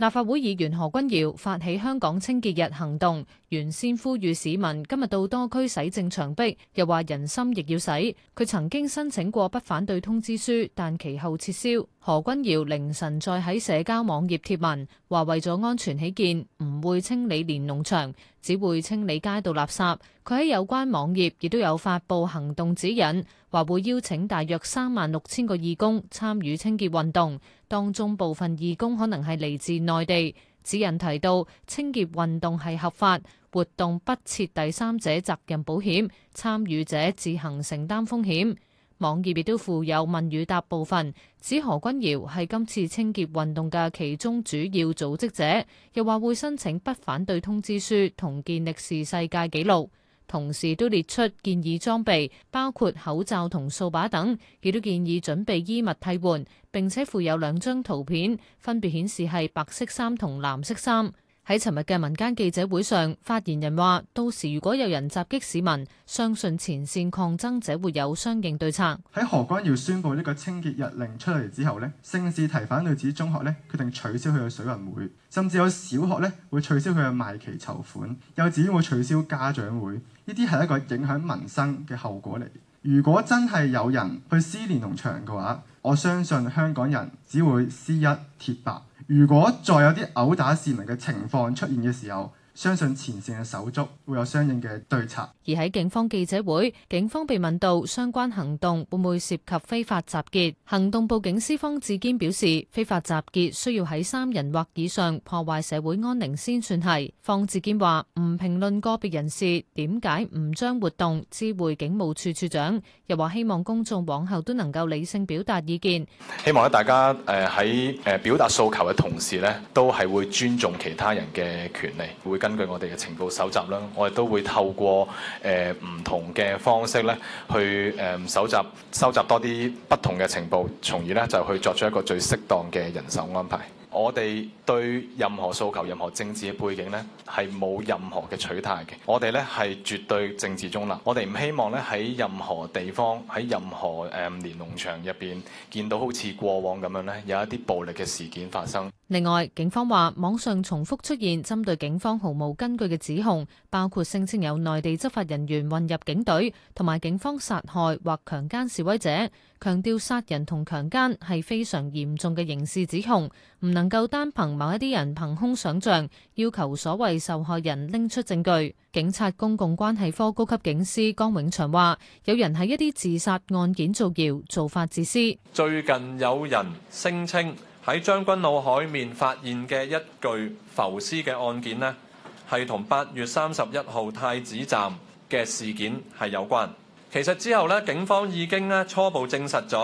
立法會議員何君堯發起香港清潔日行動，原先呼籲市民今日到多區洗淨牆壁，又話人心亦要洗。佢曾經申請過不反對通知書，但其後撤銷。何君堯凌晨再喺社交網頁貼文，話為咗安全起見，唔會清理連儂牆，只會清理街道垃圾。佢喺有關網頁亦都有發佈行動指引，話會邀請大約三萬六千個義工參與清潔運動，當中部分義工可能係嚟自內地。指引提到，清潔運動係合法，活動不設第三者責任保險，參與者自行承擔風險。網頁亦都附有問與答部分，指何君堯係今次清潔運動嘅其中主要組織者，又話會申請不反對通知書同健力士世界紀錄，同時都列出建議裝備，包括口罩同掃把等，亦都建議準備衣物替換，並且附有兩張圖片，分別顯示係白色衫同藍色衫。喺尋日嘅民間記者會上，發言人話：到時如果有人襲擊市民，相信前線抗爭者會有相應對策。喺何君堯宣布呢個清潔日令出嚟之後呢，聖士提反女子中學呢，決定取消佢嘅水運會，甚至有小學呢，會取消佢嘅賣旗籌款，幼稚園會取消家長會。呢啲係一個影響民生嘅後果嚟。如果真係有人去撕連儂牆嘅話，我相信香港人只會撕一貼百。如果再有啲毆打市民嘅情況出現嘅時候，相信前線嘅手足會有相應嘅對策。而喺警方記者會，警方被問到相關行動會唔會涉及非法集結，行動部警司方志堅表示：非法集結需要喺三人或以上破壞社會安寧先算係。方志堅話：唔評論個別人士，點解唔將活動知會警務處處長？又話希望公眾往後都能夠理性表達意見。希望咧大家誒喺誒表達訴求嘅同時呢，都係會尊重其他人嘅權利。根據我哋嘅情報搜集啦，我哋都會透過誒、呃、唔同嘅方式咧，去誒、呃、蒐集收集多啲不同嘅情報，從而咧就去作出一個最適當嘅人手安排。 我哋對任何訴求、任何政治嘅背景咧，係冇任何嘅取態嘅。我哋咧係絕對政治中立，我哋唔希望咧喺任何地方喺任何誒、呃、連儂牆入邊見到好似過往咁樣咧有一啲暴力嘅事件發生。另外，警方話網上重複出現針對警方毫無根據嘅指控，包括聲稱有內地執法人員混入警隊，同埋警方殺害或強姦示威者。強調殺人同強姦係非常嚴重嘅刑事指控，唔能夠單憑某一啲人憑空想像，要求所謂受害人拎出證據。警察公共關係科高級警司江永祥話，有人喺一啲自殺案件造謠，做法自私。最近有人聲稱喺將軍澳海面發現嘅一具浮屍嘅案件呢，係同八月三十一號太子站嘅事件係有關。其實之後咧，警方已經咧初步證實咗，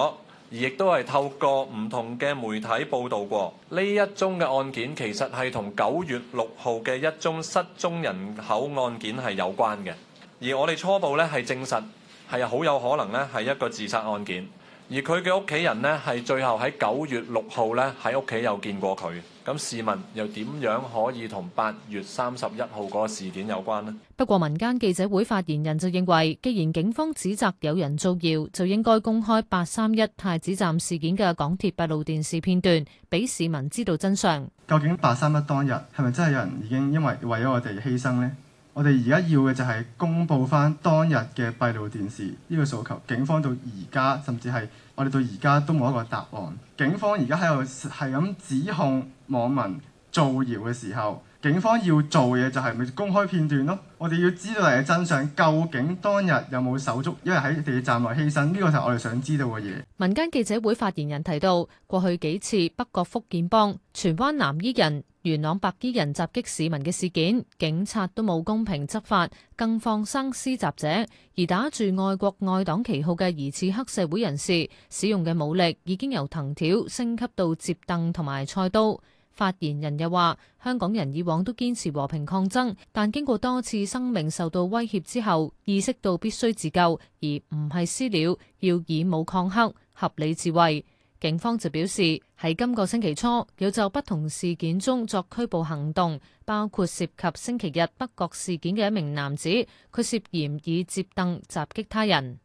而亦都係透過唔同嘅媒體報導過呢一宗嘅案件，其實係同九月六號嘅一宗失蹤人口案件係有關嘅。而我哋初步咧係證實，係好有可能咧係一個自殺案件。而佢嘅屋企人呢，係最後喺九月六號呢，喺屋企又見過佢。咁，市民又點樣可以同八月三十一號嗰個事件有關呢？不過，民間記者會發言人就認為，既然警方指責有人造謠，就應該公開八三一太子站事件嘅港鐵閉路電視片段，俾市民知道真相。究竟八三一當日係咪真係有人已經因為為咗我哋犧牲呢？我哋而家要嘅就係公佈翻當日嘅閉路電視呢個訴求，警方到而家甚至係我哋到而家都冇一個答案。警方而家喺度係咁指控網民造謠嘅時候，警方要做嘢就係咪公開片段咯？我哋要知道嘅真相，究竟當日有冇手足？因為喺地鐵站內犧牲呢個係我哋想知道嘅嘢。民間記者會發言人提到，過去幾次北角福建幫、荃灣南亞人。元朗白衣人襲擊市民嘅事件，警察都冇公平執法，更放生施襲者；而打住愛國愛黨旗號嘅疑似黑社會人士，使用嘅武力已經由藤條升級到摺凳同埋菜刀。發言人又話：香港人以往都堅持和平抗爭，但經過多次生命受到威脅之後，意識到必須自救，而唔係私了，要以武抗黑，合理自衛。警方就表示，喺今個星期初有就不同事件中作拘捕行動，包括涉及星期日北角事件嘅一名男子，佢涉嫌以接凳襲擊他人。